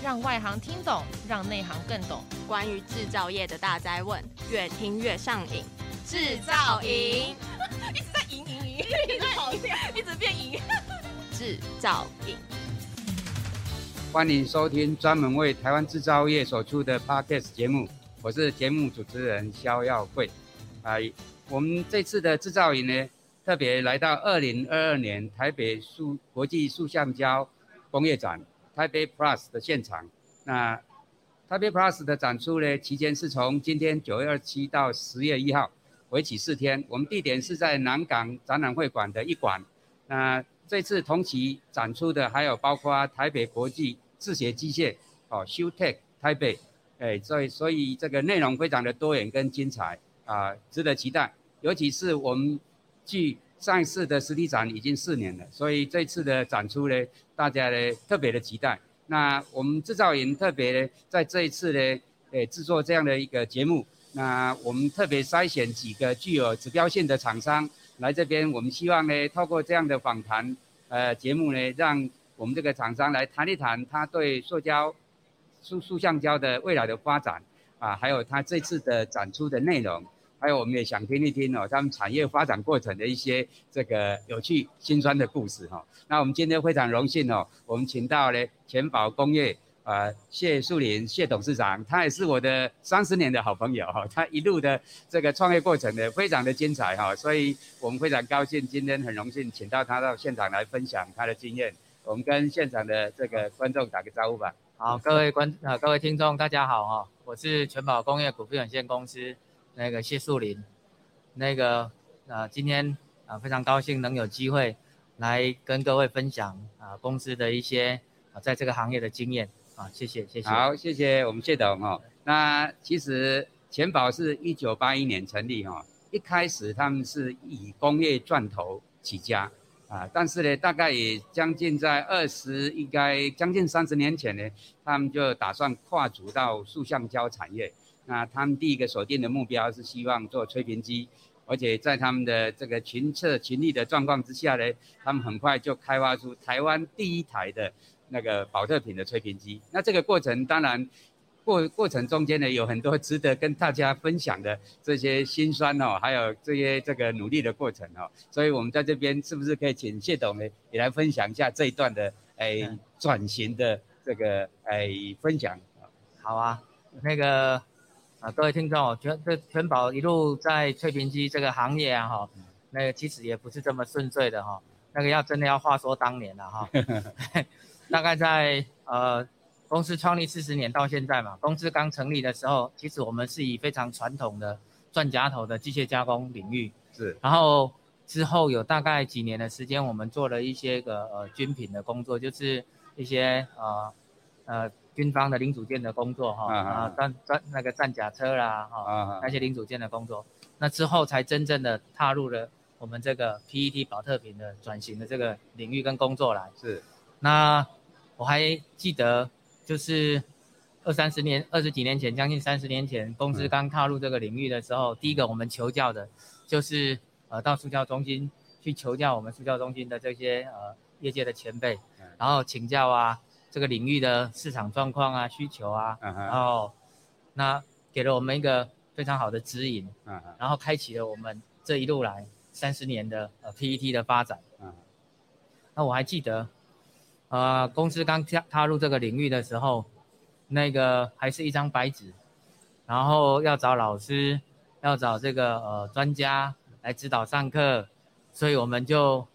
讓外行聽懂，讓內行更懂。關於製造業的大哉問，越聽越上癮。製造營一直在贏贏贏，一直在營一，直跑一,一直變贏。製 造營，歡迎收聽專門為台灣製造業所出的 Podcast 節目。我是節目主持人蕭耀惠。啊、呃，我們這次的製造營呢，特別來到二零二二年台北塑國際塑橡膠工業展。台北 PLAS 的現場，那台北 PLAS 的展出呢？期間是從今天九月二七到十月一號，為期四天。我們地點是在南港展覽會館的一館。那這次同期展出的還有包括台北國際制鞋機械哦、啊、，ShoeTech 台北、欸，所以所以這個內容非常的多元跟精彩啊，值得期待。尤其是我們去。上一次的實體展已經四年了，所以這次的展出呢，大家呢特別的期待。那我們製造營特別呢，在這一次呢，誒製作這樣的一個節目。那我們特別篩選幾個具有指標性的廠商來這邊，我們希望呢，透過這樣的訪談，呃節目呢，讓我們這個廠商來談一談他對塑膠、塑塑橡膠的未來的發展啊，還有他這次的展出的內容。還有，我們也想聽一聽哦，他們產業發展過程的一些這個有趣、辛酸的故事哈、哦。那我們今天非常榮幸哦，我們請到了銓寶工業呃謝樹林謝董事長，他也是我的三十年的好朋友哈、哦。他一路的這個創業過程呢，非常的精彩哈、哦，所以我們非常高興，今天很榮幸請到他到現場來分享他的經驗。我們跟現場的這個觀眾打個招呼吧。嗯、好，各位觀啊、呃，各位聽眾，大家好哈、哦，我是銓寶工業股份有限公司。那個謝樹林，那個啊，今天啊非常高興能有機會來跟各位分享啊公司的一些啊在這個行業的經驗啊，謝謝謝謝。好，謝謝我們謝董哦。對 那其實銓寶是一九八一年成立哦、啊，一開始他們是以工業鑽頭起家啊，但是呢，大概也將近在二十應該將近三十年前呢，他們就打算跨足到塑橡膠產業。那他們第一個鎖定的目標是希望做吹瓶機，而且在他們的這個群策群力的狀況之下呢，他們很快就開發出台灣第一台的那個寶特瓶的吹瓶機。那這個過程當然過過程中間呢，有很多值得跟大家分享的這些辛酸哦，還有這些這個努力的過程哦。所以我們在這邊是不是可以請謝董呢，也來分享一下這一段的哎轉型的這個哎分享？好啊，那個。啊，各位聽眾，銓這銓寶一路在吹瓶機這個行業啊，哈，那個其實也不是這麼順遂的哈，那個要真的要話說當年了、啊、哈。 大概在呃公司創立四十年到現在嘛，公司剛成立的時候，其實我們是以非常傳統的鑽夾頭的機械加工領域是，然後之後有大概幾年的時間，我們做了一些個呃軍品的工作，就是一些呃呃。呃軍方的零組件的工作哈，啊，戰戰、啊啊、那個戰甲車啦，哈、啊，那些零組件的工作、啊，啊、那之後才真正的踏入了我們這個 PET 保特瓶的轉型的這個領域跟工作啦。是，那我還記得就是二三十年、二十幾年前，將近三十年前，公司剛踏入這個領域的時候，嗯、第一個我們求教的，就是呃到塑膠中心去求教我們塑膠中心的這些呃業界的前輩，嗯、然後請教啊。這個領域的市場狀況啊，需求啊，uh huh. 然後那給了我們一個非常好的指引，嗯、uh，huh. 然後開啟了我們這一路來三十年的呃 PET 的發展，嗯、uh，huh. 那我還記得，呃，公司剛踏踏入這個領域的時候，那個還是一張白紙，然後要找老師，要找這個呃專家來指導上課，所以我們就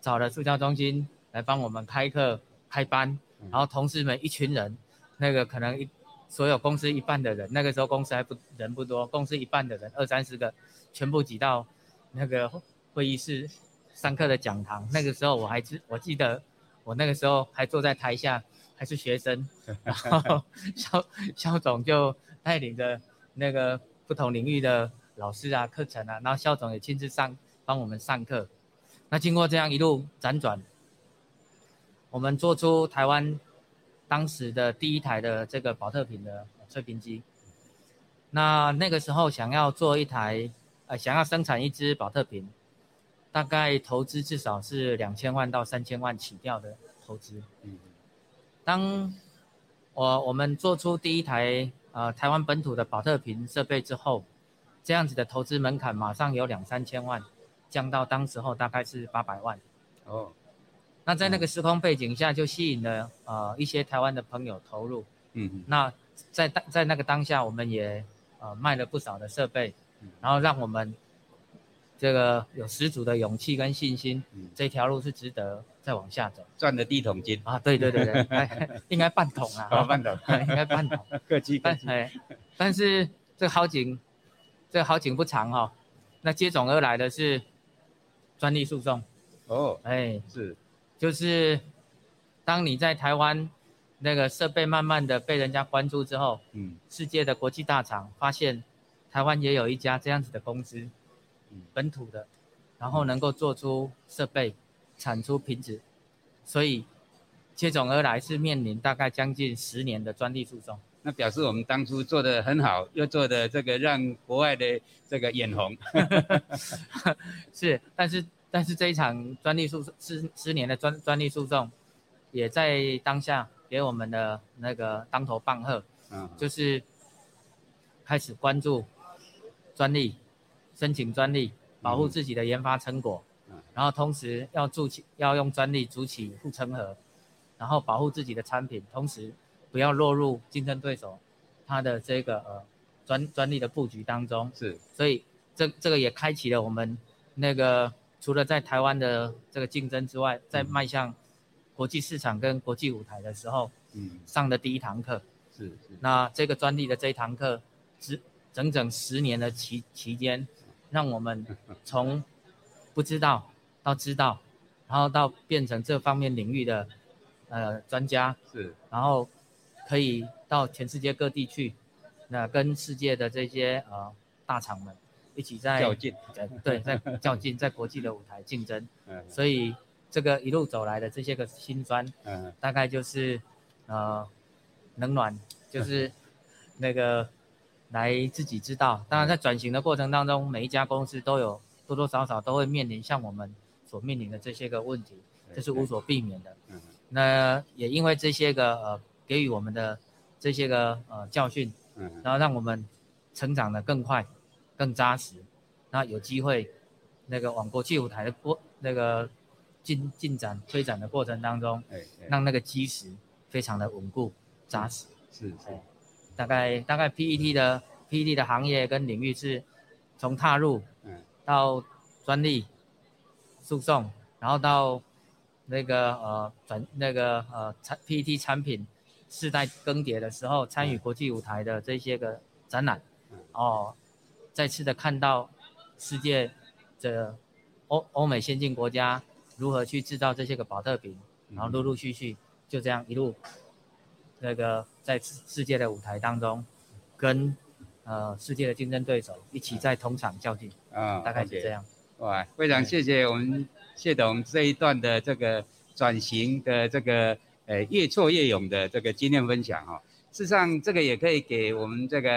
找了塑膠中心來幫我們開課開班。然後同事們一群人，那個可能一，所有公司一半的人，那個時候公司還不，人不多，公司一半的人二三十個，全部擠到那個會議室上課的講堂。那個時候我還記，我記得我那個時候還坐在台下，還是學生。然後肖肖總就帶領着那個不同領域的老師啊、課程啊，然後肖總也親自上幫我們上課。那經過這樣一路輾轉。我們做出台灣當時的第一台的這個寶特瓶的吹瓶機。那那個時候想要做一台，呃，想要生產一支寶特瓶，大概投資至少是兩千萬到三千萬起跳的投資。當我我們做出第一台，呃，台灣本土的寶特瓶設備之後，這樣子的投資門檻馬上有兩三千萬降到當時候大概是八百萬。哦。那在那個時空背景下，就吸引了呃一些台灣的朋友投入。嗯哼，那在當在那個當下，我們也呃賣了不少的設備，然後讓我們這個有十足的勇氣跟信心，這條路是值得再往下走，賺的第一桶金啊！對對對對， 哎、應該半桶啊，半桶，啊、應該半桶。各擊半，哎，但是這好景這好景不長哈、哦，那接踵而來的是專利訴訟。哦，哎，是。就是，當你在台灣那個設備慢慢的被人家關注之後，嗯，世界的國際大廠發現台灣也有一家這樣子的公司，嗯，本土的，然後能夠做出設備，嗯、產出品質，所以接踵而來是面臨大概將近十年的專利訴訟。那表示我們當初做的很好，又做的這個讓國外的這個眼紅， 是，但是。但是這一場專利訴訟十十年的專專利訴訟，也在當下給我們的那個當頭棒喝，嗯、uh，huh. 就是開始關注專利，申請專利，保護自己的研發成果，嗯、uh，huh. 然後同時要築起，要用專利築起護城河，然後保護自己的產品，同時不要落入競爭對手他的這個呃、專專利的佈局當中，是、uh，huh. 所以這這個也開啟了我們那個。除了在台灣的這個競爭之外，在邁向國際市場跟國際舞台的時候，嗯，上的第一堂課是是。那這個專利的這一堂課，只整整十年的期期間，讓我們從不知道到知道，然後到變成這方面領域的呃專家是，然後可以到全世界各地去，那跟世界的這些呃大廠們。一起在較勁，對，在較勁，在國際的舞台競爭， 所以這個一路走來的這些個辛酸， 大概就是，呃，冷暖就是那個 來自己知道。當然，在轉型的過程當中， 每一家公司都有多多少少都會面臨像我們所面臨的這些個問題，這，就是無所避免的。 那也因為這些個呃給予我們的這些個呃教訓，然後讓我們成長的更快。更扎實，那有機會，那個往國際舞台的過那個進進展推展的過程當中，讓那個基石非常的穩固扎實。嗯，是，是。嗯，大概大概 PET 的，嗯，PET 的行業跟領域是，從踏入到專利訴訟，嗯，然後到那個呃轉那個呃產 PET 產品世代更迭的時候，參與國際舞台的這些個展覽，嗯，哦。嗯再次的看到世界這歐、歐美先進國家如何去製造這些個寶特瓶，然後陸陸續續就這樣一路那個在世界的舞台當中，跟呃世界的競爭對手一起在同場較勁，啊，大概是這樣。哦 okay, 哇，非常謝謝我們謝董這一段的這個轉型的這個呃越挫越勇的這個經驗分享哈、哦。事實上，這個也可以給我們這個。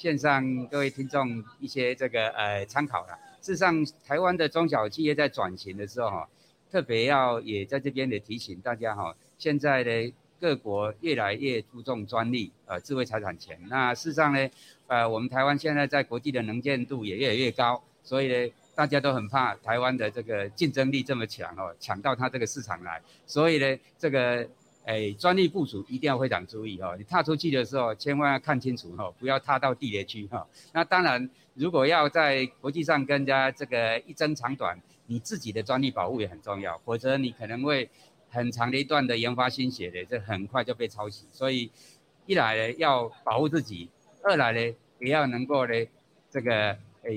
線上各位聽眾一些這個呃參考啦。事實上，台灣的中小企業在轉型的時候特別要也在這邊也提醒大家哈，現在的各國越來越注重專利呃智慧財產權。那事實上呢，呃我們台灣現在在國際的能見度也越來越高，所以呢大家都很怕台灣的這個競爭力這麼強哦，搶到它這個市場來，所以呢這個。哎，專利部署一定要非常注意哦！你踏出去的時候，千萬要看清楚哦，不要踏到地雷區哈。那當然，如果要在國際上跟人家這個一爭長短，你自己的專利保護也很重要，否則你可能會很長的一段的研發心血的，這很快就被抄襲。所以，一來呢要保護自己，二來呢也要能夠呢這個哎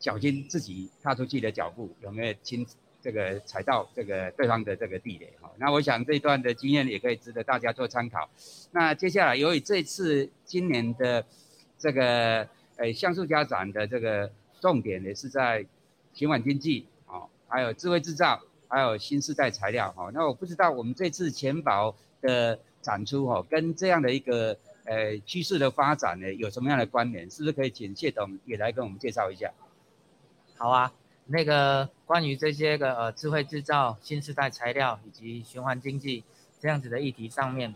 小心自己踏出去的腳步，有沒有清楚？這個踩到這個對方的這個地雷哈、哦，那我想這一段的經驗也可以值得大家做參考。那接下來，由於這次今年的這個誒塑橡膠展的這個重點呢，是在循環經濟哦，還有智慧制造，還有新時代材料哈、哦。那我不知道我們這次銓寶的展出、哦、跟這樣的一個呃趨勢的發展呢有什麼樣的關聯？是不是可以請謝董也來跟我們介紹一下？好啊，那個。關於這些個呃智慧製造、新世代材料，以及循環經濟這樣子的議題上面，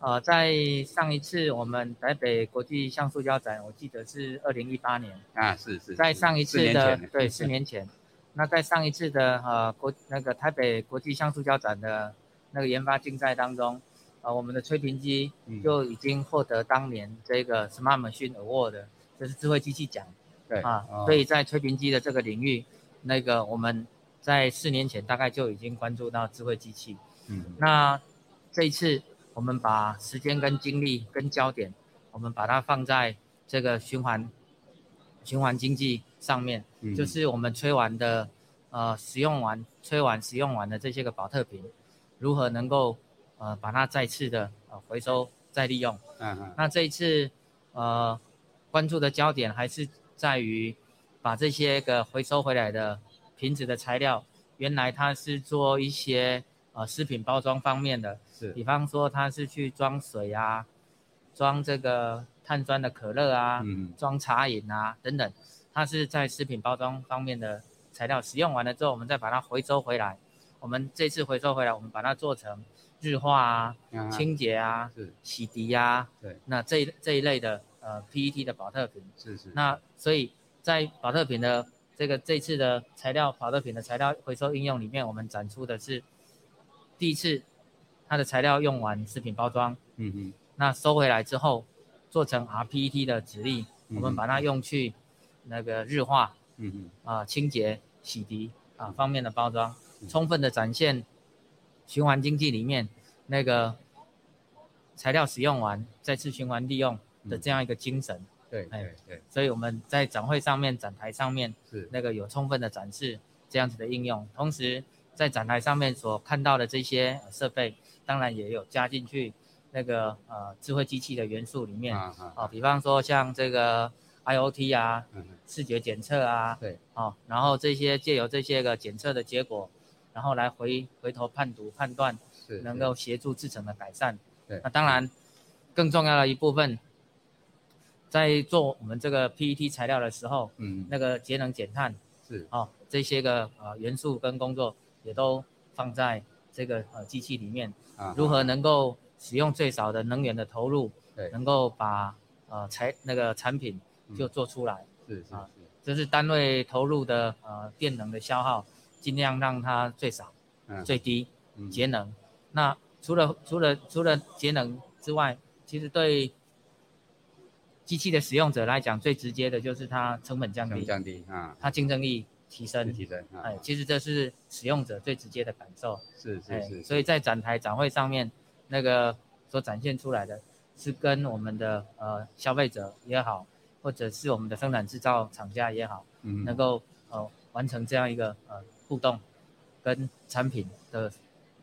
呃，在上一次我們台北國際橡塑膠展，我記得是二零一八年啊，是是，在上一次的對四年前，年前那在上一次的呃國那個台北國際橡塑膠展的那個研發競賽當中，呃，我們的吹瓶機就已經獲得當年這個 Smart Machine Award，嗯，這是智慧機器獎，對啊，對所以在吹瓶機的這個領域。那個我們在四年前大概就已經關注到智慧機器，嗯，那這一次我們把時間跟精力跟焦點，我們把它放在這個循環，循環經濟上面，嗯，就是我們吹完的，呃，使用完吹完使用完的這些個寶特瓶，如何能夠呃把它再次的呃回收再利用，嗯，那這一次呃關注的焦點還是在於。把這些個回收回來的瓶子的材料，原來它是做一些呃食品包裝方面的，是比方說它是去裝水啊，裝這個碳酸的可樂啊，裝、嗯、茶飲啊等等，它是在食品包裝方面的材料使用完了之後，我們再把它回收回來。我們這次回收回來，我們把它做成日化啊、清潔、嗯、啊、啊是洗滌呀、啊，對，那這這一類的呃 PET 的保特瓶，是是，那所以。在寶特瓶的這個這次的材料，寶特瓶的材料回收應用裡面，我們展出的是第一次它的材料用完食品包裝、嗯哼，嗯嗯，那收回來之後做成 rPET 的紙粒，我們把它用去那個日化，嗯嗯，啊清潔洗滌啊方面的包裝，充分的展現循環經濟裡面那個材料使用完再次循環利用的這樣一個精神。對，哎，對，對，所以我們在展會上面，展台上面是那個有充分的展示這樣子的應用。是，同時，在展台上面所看到的這些設備，當然也有加進去那個呃智慧機器的元素裡面啊，比方說像這個 IoT 啊，視覺檢測啊，對，哦，然後這些借由這些個檢測的結果，然後來回回頭判讀判斷，能夠協助製程的改善。對，那當然更重要的一部分。在做我們這個 PET 材料的時候，嗯，那個節能減碳是、啊、這些個、呃、元素跟工作也都放在這個呃機器裡面、啊、哈如何能夠使用最少的能源的投入，對能夠把呃材那個產品就做出來、嗯、是是是，這、啊就是單位投入的呃電能的消耗，盡量讓它最少，啊、最低，節、嗯、能。那除了除了除了節能之外，其實對。機器的使用者來講，最直接的就是它成本降低，降低啊，它競爭力提升，提升，啊、其實這是使用者最直接的感受，是是是，是，哎。所以在展台展會上面，那個所展現出來的，是跟我們的呃消費者也好，或者是我們的生產製造廠家也好，嗯，能夠呃完成這樣一個呃互動，跟產品的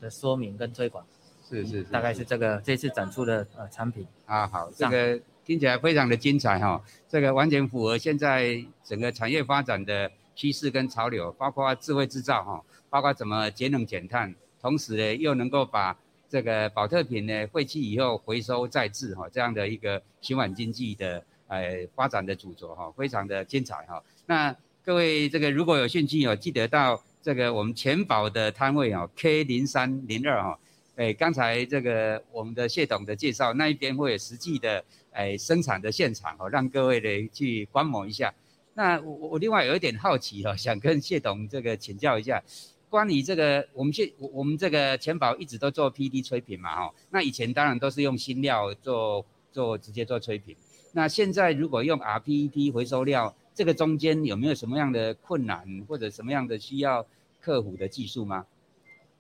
的說明跟推廣，是是，是，是，嗯，大概是這個這次展出的呃產品。啊好，上這個。聽起來非常的精彩哈、啊，這個完全符合現在整個產業發展的趨勢跟潮流，包括智慧製造哈、啊，包括怎麼節能減碳，同時呢又能夠把這個保特品呢廢棄以後回收再制哈，這樣的一個循環經濟的哎發展的主軸哈，非常的精彩哈、啊。那各位這個如果有興趣哦，記得到這個我們銓寶的攤位哦、啊、K 零三零二哈，誒，剛才這個我們的謝董的介紹那一邊會有實際的。哎，生產的現場哦，讓各位呢去觀摩一下。那我我另外有一點好奇哦，想跟謝董這個請教一下，關於這個我們現我們這個銓寶一直都做 PET 吹瓶嘛哈、哦。那以前當然都是用新料做做直接做吹瓶，那現在如果用 rPET 回收料，這個中間有沒有什麼樣的困難，或者什麼樣的需要克服的技術嗎？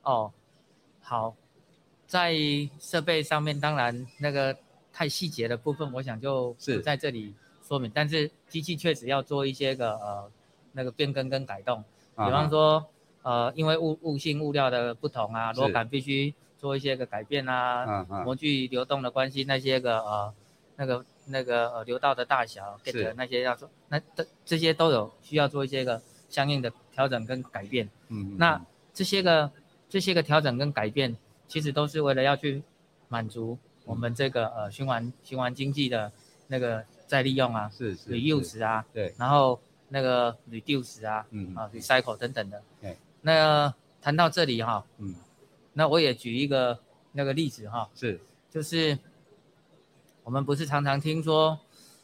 哦，好，在設備上面當然那個。太細節的部分，我想就不在這裡說明。是但是機器確實要做一些個呃那個變更跟改動，uh huh、比方說呃因為物物性物料的不同啊，uh huh、螺桿必須做一些個改變啊，uh huh、模具流動的關係那些個呃那個那個呃流道的大小，是、uh huh、那些要做那這這些都有需要做一些個相應的調整跟改變。嗯、uh，huh、那這些個這些個調整跟改變，其實都是為了要去滿足。我們這個呃循環循環經濟的那個再利用啊，是是，是 reuse 啊，對，然後那個 reduce 啊，嗯啊、recycle 等等的。對，那談到這裡哈，嗯，那我也舉一個那個例子哈，是，就是我們不是常常聽說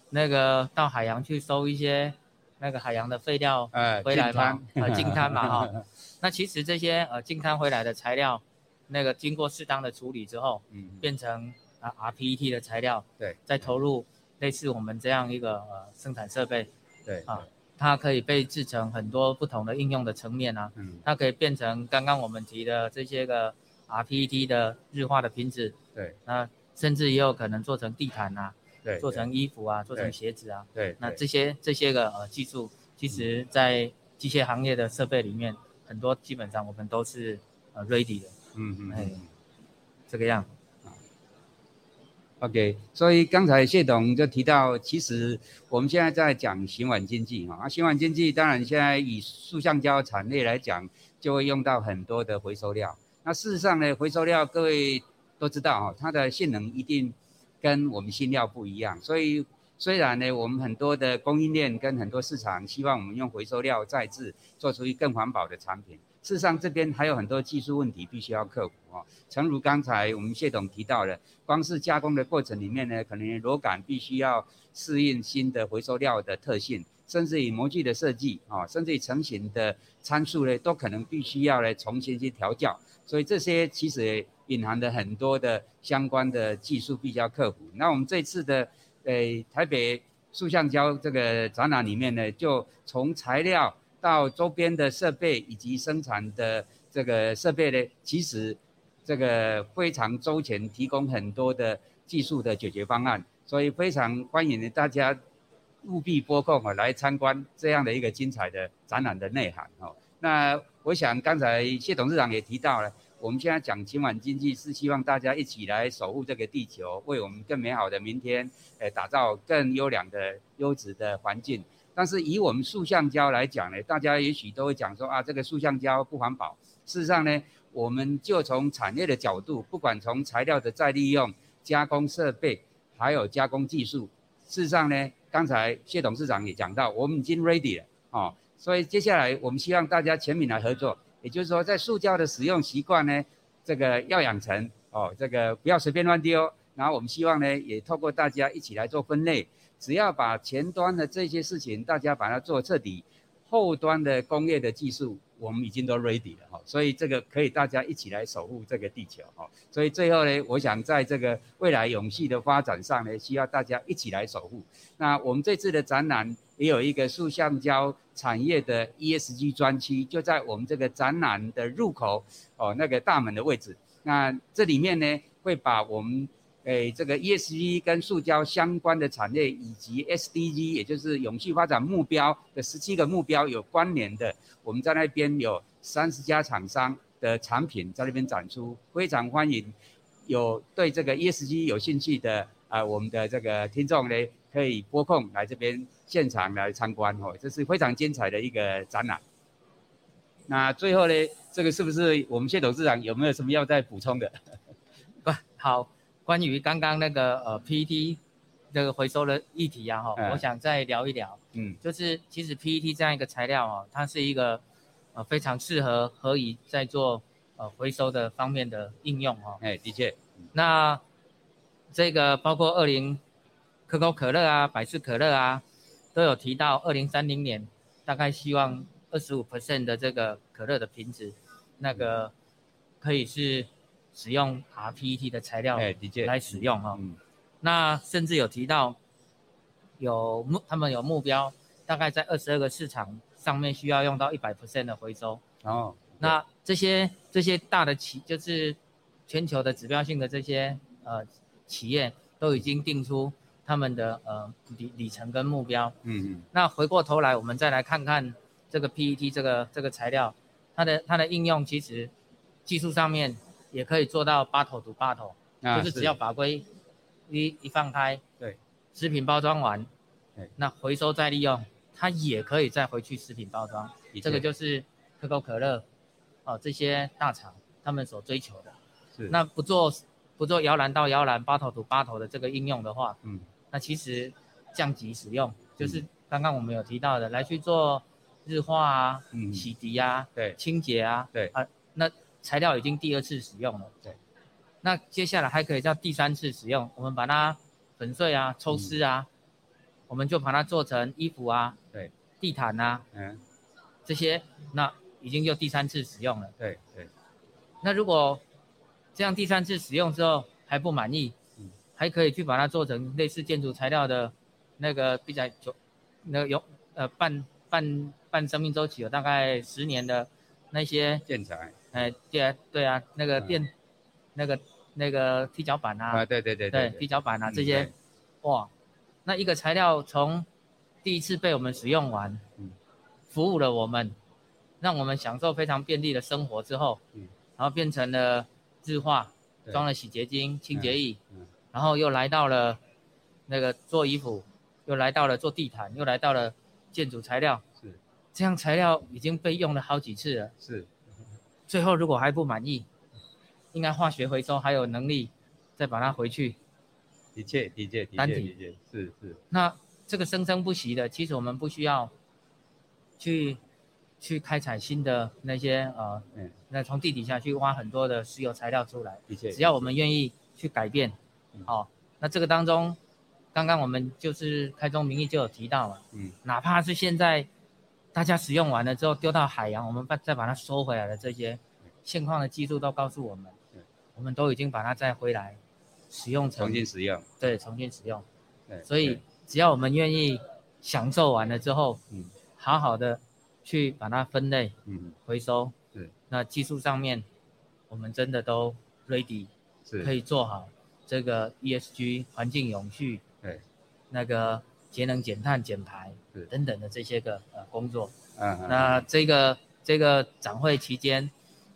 那個到海洋去收一些那個海洋的廢料哎，回來嗎？欸、呃，淨灘嘛哈， 那其實這些呃淨灘回來的材料，那個經過適當的處理之後，嗯，變成。啊，rPET 的材料，對，再投入類似我們這樣一個呃生產設備，對啊，它可以被製成很多不同的應用的層面啊，嗯，它可以變成剛剛我們提的這些個 rPET 的日化的瓶子，對，那甚至也有可能做成地毯啊，對，做成衣服啊，做成鞋子啊，對，那這些這些個呃技術，其實在機械行業的設備裡面，很多基本上我們都是呃 ready 的，嗯嗯，哎，這個樣。OK，所以剛才謝董就提到，其實我們現在在講循環經濟哈，那循環經濟當然現在以塑橡膠產業來講，就會用到很多的回收料。那事實上呢，回收料各位都知道哈、啊，它的性能一定跟我們新料不一樣。所以雖然呢，我們很多的供應鏈跟很多市場希望我們用回收料再制，做出更環保的產品。事實上，這邊還有很多技術問題必須要克服啊。誠如剛才我們謝董提到的，光是加工的過程裡面呢，可能螺桿必須要適應新的回收料的特性，甚至於模具的設計啊，甚至於成型的參數呢，都可能必須要來重新去調校。所以這些其實隱含的很多的相關的技術必須要克服。那我們這次的呃台北塑橡膠這個展覽裡面呢，就從材料。到周邊的設備以及生產的這個設備呢，其實這個非常周全，提供很多的技術的解決方案，所以非常歡迎大家務必撥空哦來參觀這樣的一個精彩的展覽的內涵哦。那我想剛才謝董事長也提到了，我們現在講循環經濟是希望大家一起來守護這個地球，為我們更美好的明天，呃，打造更優良的優質的環境。但是以我們塑橡膠來講呢，大家也許都會講說啊，這個塑橡膠不環保。事實上呢，我們就從產業的角度，不管從材料的再利用、加工設備，還有加工技術，事實上呢，剛才謝董事長也講到，我們已經 ready 了哦。所以接下來我們希望大家全民來合作，也就是說，在塑膠的使用習慣呢，這個要養成哦，這個不要隨便亂丟。然後我們希望呢，也透過大家一起來做分類，只要把前端的這些事情大家把它做徹底，後端的工業的技術我們已經都 ready 了哈，所以這個可以大家一起來守護這個地球哈。所以最後呢，我想在這個未來永續的發展上呢，需要大家一起來守護。那我們這次的展覽也有一個塑橡膠產業的 ESG 專區，就在我們這個展覽的入口哦，那個大門的位置。那這裡面呢，會把我們誒，欸、這個 E S G 跟塑膠相關的產業，以及 S D G，也就是永續發展目標的十七個目標有關聯的。我們在那邊有三十家廠商的產品在那邊展出，非常歡迎有對這個 E S G 有興趣的啊，我們的這個聽眾呢，可以撥空來這邊現場來參觀哦。這是非常精彩的一個展覽。那最後呢，這個是不是我們謝董事長有沒有什麼要再補充的？不，好。關於剛剛那個呃 PET 這個回收的議題啊，哈，我想再聊一聊。嗯，就是其實 PET 這樣一個材料啊，它是一個呃非常適合可以在做呃回收的方面的應用哦、啊。哎，的確。那這個包括二零可口可樂啊、百事可樂啊，都有提到二零三零年大概希望二十五 percent 的這個可樂的瓶子那個可以是。使用 rPET 的材料來使用哈、哦欸，嗯、那甚至有提到有目他們有目標，大概在二十二個市場上面需要用到一百 percent 的回收哦。那這些這些大的企就是全球的指標性的這些呃企業都已經定出他們的呃里里程跟目標。嗯嗯。那回過頭來我們再來看看這個 PET 這個這個材料，它的它的應用其實技術上面。也可以做到 bottle to bottle，就是只要法規一一放開，對，食品包裝完，對，那回收再利用，它也可以再回去食品包裝，這個就是可口可樂，哦，這些大廠他們所追求的。是。那不做不做搖籃到搖籃 bottle to bottle 的這個應用的話，嗯，那其實降級使用，就是剛剛我們有提到的來去做日化啊，洗滌啊，對，清潔啊，對啊。材料已經第二次使用了，對。那接下來還可以叫第三次使用，我們把它粉碎啊、抽絲啊，嗯、我們就把它做成衣服啊、對，地毯啊，嗯，這些，那已經就第三次使用了，對對。對那如果這樣第三次使用之後還不滿意，嗯，還可以去把它做成類似建築材料的那個比較久，嗯、那個有呃半半半生命週期有大概十年的。那些建材，嗯、哎，對啊，對啊，那個電，嗯、那個那個踢腳板啊，啊對對對對，踢腳板啊，嗯、這些，嗯、哇，那一個材料從第一次被我們使用完，嗯，服務了我們，讓我們享受非常便利的生活之後，嗯，然後變成了日化，嗯、裝了洗潔精、清潔液，嗯，嗯然後又來到了那個做衣服，又來到了做地毯，又來到了建築材料。這樣材料已經被用了好幾次了。是，最後如果還不滿意，應該化學回收還有能力再把它回去的。的確，的確，的確，是是。那這個生生不息的，其實我們不需要去去開採新的那些呃，那、嗯、從地底下去挖很多的石油材料出來。的確，只要我們願意去改變，好、嗯哦，那這個當中，剛剛我們就是開宗明義就有提到了，嗯，哪怕是現在。大家使用完了之後丟到海洋，我們把再把它收回來的這些現況的技術都告訴我們，我們都已經把它再回來使用。重新使用，對，重新使用。所以只要我們願意享受完了之後，好好的去把它分類、回收，對，那技術上面我們真的都 ready，可以做好這個 ESG 環境永續，那個節能減碳減排，是等等的這些個呃工作，嗯,嗯，那這個這個展會期間，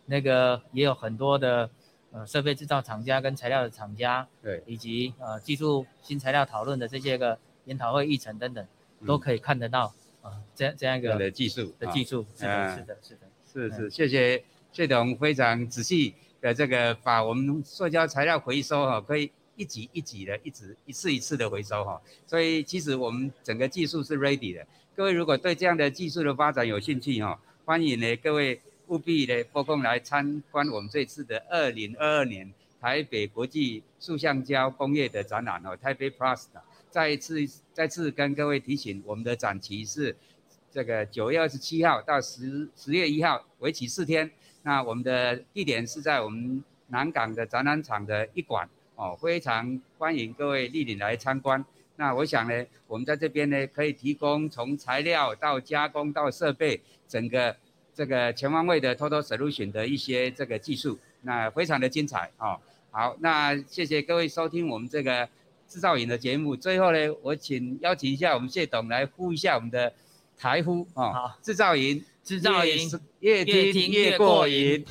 那個也有很多的呃設備制造廠家跟材料的廠家，對，以及呃技術新材料討論的這些個研討會議程等等，嗯、都可以看得到啊、呃，這樣這樣一個的技術的技術是的，是的是的是是，謝謝謝董，非常仔細的這個把我們塑膠材料回收啊可以。一級一級的，一直一次一次的回收哈，所以其實我們整個技術是 ready 的。各位如果對這樣的技術的發展有興趣哈，歡迎呢，各位務必呢抽空來參觀我們這次的二零二二年台北國際塑橡膠工業的展覽哦，台北 PLAS 的。再一次再次跟各位提醒，我們的展期是這個九月二十七號到十十月一號，為期四天。那我們的地點是在我們南港的展覽場的一館。哦，非常歡迎各位蒞臨來參觀。那我想呢，我們在這邊呢可以提供從材料到加工到設備，整個這個全方位的 Total Solution 的一些這個技術，那非常的精彩哦、啊。好，那謝謝各位收聽我們這個製造營的節目。最後呢，我請邀請一下我們謝董來呼一下我們的台呼哦、啊。製造營，製造營，越聽越，聽越過癮。